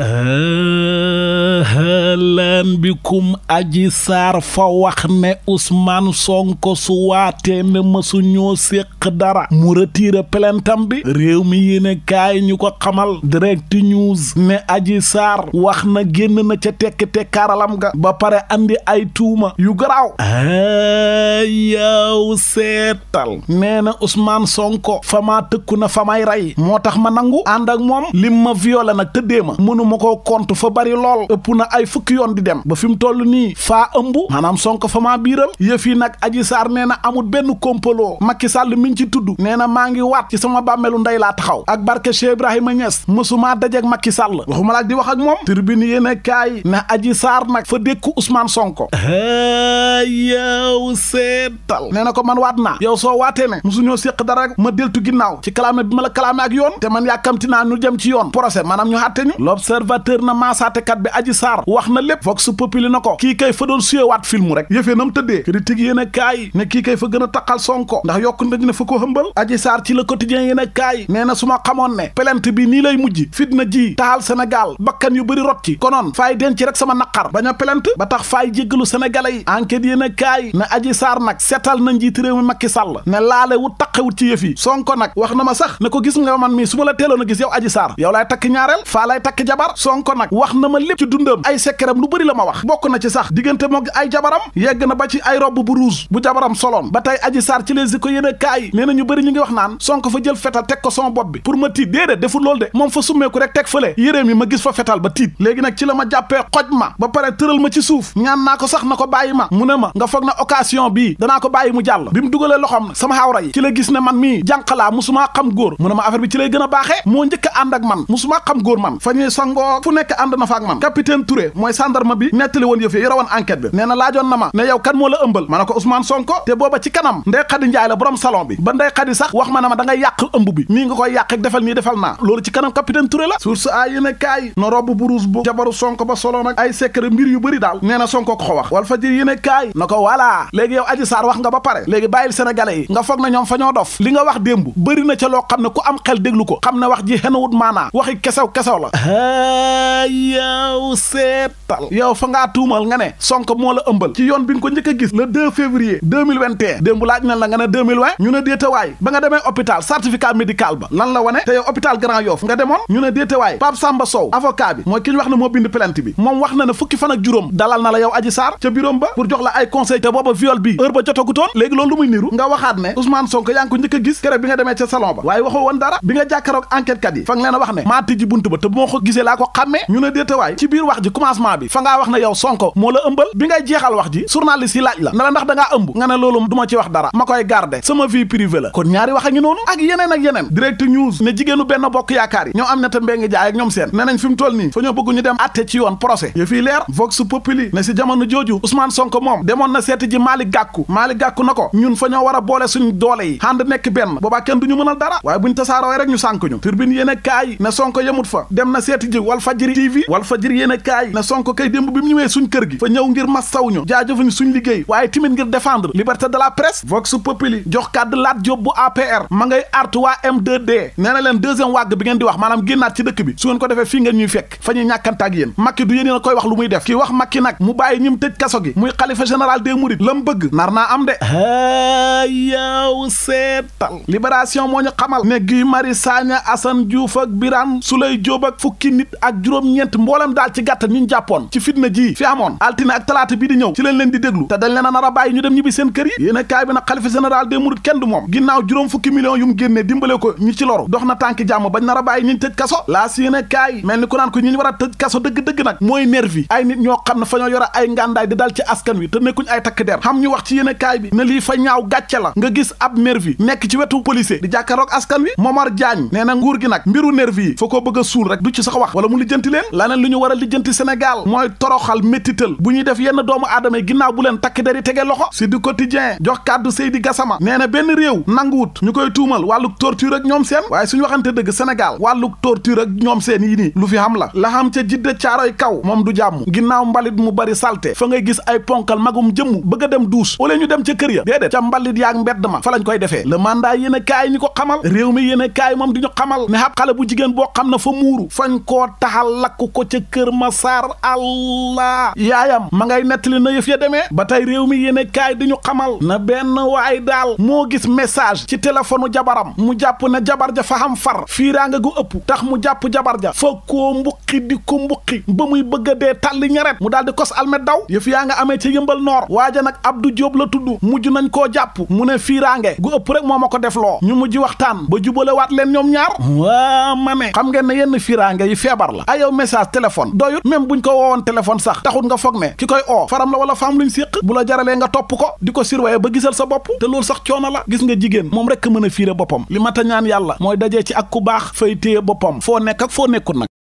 أهلا marhaban bikum aji saar fa wax ne Ousmane Sonko su waatee ne mësu ñoo séq dara mu retire plaintam bi réew mi yéene kaay ñu ko xamal direct news ne aji saar wax na génn na ca tekk te kaaralam ga ba pare andi ay tuuma yu garaaw yow seetal nee na Ousmane Sonko fa maa tëkku na fa may rey moo tax ma nangu ànd ak moom lim ma violé nag tëddee ma mënuma ko compte fa bari lool ëpp na ay fukki yoon di dem ba fi mu toll nii faa ëmb maanaam sonko fa maa biiram yëf yi nag aji saar nee na amul benn kompaloo makki Sall mi ngi ci tudd nee na maa ngi waat ci sama bàmmeelu ndey laa taxaw ak barke Cheikh Ibrahima Niass mësumaa dajeeg Macky Sall waxuma laaj di wax ak moom tribune yéene kaay na aji saar nag fa dékku Ousmane Sonko yow seetal nee na ko man waat naa yow soo waatee ne musuñoo seq dara ma deltu ginnaaw ci kalaame bi ma la kalaame ak yoon te man yàkkamti naa ñu jëm ci yoon procès maanaam ñu na maasaate kat bi aji saar wax na lépp su populi na ko kii kay fa doon suyewaat film rek yëfee nam tëddee critique yéen a kaay ne kii kay fa gën a taqal sonko ndax yokk ndañ ne fa ko hëmbal aji saar ci le quotidien yéen a kaay nee na suma ma xamoon ne plainte bi nii lay mujj fit fitna ji taal sénégal bakkan yu bëri rot ci konoon faay denc rek sama naqar bañ a plainte ba tax faay jéggalu sénégalais yi enquête yéen a kaay ne aji saar nag seetal na njiit réew mi Macky Sall ne laale wut taqewut ci yëf yi sonko nag wax na ma sax ne ko gis nga man mii su ma la teeloon a gis yow aji saar yow laay takk ñaareel faa takk jabar sonko nag wax na ma lépp ci dundam ay sekkeram lu bëri la ma wax bokk na ci sax diggante moog ay jabaram yegg na ba ci ay robb bu rouge bu jabaram soloon ba tey aji saar ci les ko yéen kaay nee ñu bëri ñu ngi wax naan sonko fa jël fetal teg ko sama bopp bi pour ma tiit déedéet deful loolu de moom fa summeeku rek teg fële yéréem yi ma gis fa fetal ba tiit léegi nag ci la ma jàppee xoj ma ba pare tëral ma ci suuf ñaan naa ko sax na ko bàyyi ma mu ne ma nga foog na occasion bii danaa ko bàyyi mu jàll bi mu dugalee loxoom sama xawra yi ci la gis ne man mii jànqalaa musumaa xam góor mu ne ma affaire bi ci lay gën a moo njëkk a ànd man musumaa xam góor man fa ñuy sangoo fu nekk ànd na fa ak man capitaine Touré bi nettali woon yëf yi rawoon enquête bi nee na laajoon na ma ne yow kan moo la ëmbal ma ne ko Ousmane Sonko te booba ci kanam ndey xadi njaay la borom salon bi ba ndey xadi sax wax ma ne ma da ngay ëmb bi nii nga koy yàq defal nii defal naa loolu ci kanam capitaine Touré la source a yéen a kaay na robb bu jabaru Sonko ba solo nag ay secret mbir yu bëri daal nee na Sonko ko wax wal fajir yéen a kaay ko voilà léegi yow Adji Sarr wax ba pare léegi bàyyil sénégalais yi nga foog na ñoom fa ñoo dof li nga wax démb bëri na ca loo xam ne yow fa ngaa tuumal nga ne Sonko moo la ëmbal ci yoon bi nga ko njëkk a gis le 2 février 2021 na la nga ne ñu ne déetawaay ba nga demee hôpital certificat médical ba lan la wane te yow hôpital Grand Yoff nga demoon ñu ne déetawaay Pape Samba Sow avocat bi mooy ki wax ne moo bind plainte bi moom wax na ne fukki fan ak juróom dalal na la yow Adji Sarr ca bureau ba pour jox la ay conseil te booba viol bi heure ba jotagutoon léegi loolu muy niru nga ngaa wax ne yow Sonko moo la ëmbal bi ngay jeexal wax ji journaliste yi laaj la ne la ndax da ngaa ëmb nga ne loolu du ma ci wax dara ma koy garder sama vie privée la kon ñaari wax a ngi noonu ak yeneen ak yeneen direct news ne jigéenu benn bokk yaakaar yi ñoom am na te mbéy jaay ak ñoom seen ne nañ nii fa ñoo bëgg dem atte ci yoon procès yo fii leer vox populi ne si jamono jooju Ousmane Sonko moom demoon na seeti ji Malick Gakou Malick Gakou ko ñun fa ñoo war a boole suñ doole yi ànd nekk benn boobaa kenn du ñu mënal dara waaye buñ tasaarooy rek ñu sànk ñu turbine yéen démb bi mu ñëwee suñ kër gi fa ñëw ngir massaw ñu jaajëfañ suñ liggéey waaye timit ngir défendre liberté de la presse vox populi jox kàddu laat job bu APR ma ngay artu waa M2D nee na leen deuxième wàgg bi ngeen di wax maanaam génnaat ci dëkk bi su ngeen ko defee fii ngeen ñuy fekk fa ñuy ñàkkante ak yéen du yéen a koy wax lu muy def kii wax Macky nag mu bàyyi ñim tëj kaso gi muy xalifa général des mourides lam bëgg nar naa am de ayaw seetal libération daal ci gàttal ñu jàppoon ci fitna ji fi amoon altine ak talaata bii di ñëw ci leen leen di déglu te dañ leen a nar a bàyyi ñu dem ñibbi seen kër yi yéen bi nag xalifa général des mourides kenn du moom ginnaaw juróom fukki millions yu génnee dimbale ko ñi ci loru dox na tànk jàmm bañ nar a bàyyi ñu tëj kaso laas yéen kaay mel ni ku naan ko ñu ñu war a tëj kaso dëgg-dëgg nag mooy nervi ay nit ñoo xam ne fa ñoo yore ay ngàndaay di dal ci askan wi te nekkuñ ay takk der xam ñu wax ak toroxal méttital bu ñuy def yenn doomu aadama yi ginnaaw bu leen takk dari tege loxo si du quotidien jox kàddu Seydi Gassama nee na benn réew nanguwut ñu koy tuumal wàlluk torture ak ñoom seen waaye suñu waxante dëgg Sénégal wàlluk torture ak ñoom seen yi nii lu fi xam la la xam ca jidda caaroy kaw moom du jàmm ginnaaw mbalit mu bari salte fa ngay gis ay ponkal magum jëmm bëgg a dem douche wala ñu dem ca kër ya déedéet ca mbalit ak mbedd ma fa lañ koy defee le mandat yéen a kaay ñi ko xamal réew mi yéen a kaay moom di ñu xamal ne xale bu jigéen boo xam ne fa muuru fañ koo taxal lakk ko ca kër Masaar Allah allah yaayam ma ngay nettali na yëf ya demee ba tey réew mi yéene kaay di ñu xamal na benn waay daal moo gis message ci téléphonu jabaram mu jàpp ne jabar ja fa xam far fiiraanga gu ëpp tax mu jàpp jabar ja fa koo mbuqi di ko mbuqi ba muy bëgg a dee tàlli ñaret mu daal di kos almet daw yëf yaa nga amee ci yëmbal noor waaja nag Abdou Diop la tudd mujj nañ koo jàpp mu ne fiiraange gu ëpp rek moo ma ko def loo ñu mujj waxtaan ba jubalewaat leen ñoom ñaar waa ma ne xam ngeen ne yenn fiiraange feebar la téléphone téléphone sax taxut nga foog ne ki koy oo faram la wala faam luñ bu la jaralee nga topp ko di ko surveiller ba gisal sa bopp te loolu sax coono la gis nga jigéen moom rekk mën a fiire boppam li mat ñaan yàlla mooy dajee ci ak ku baax fay téye boppam foo nekk ak foo nekkul nag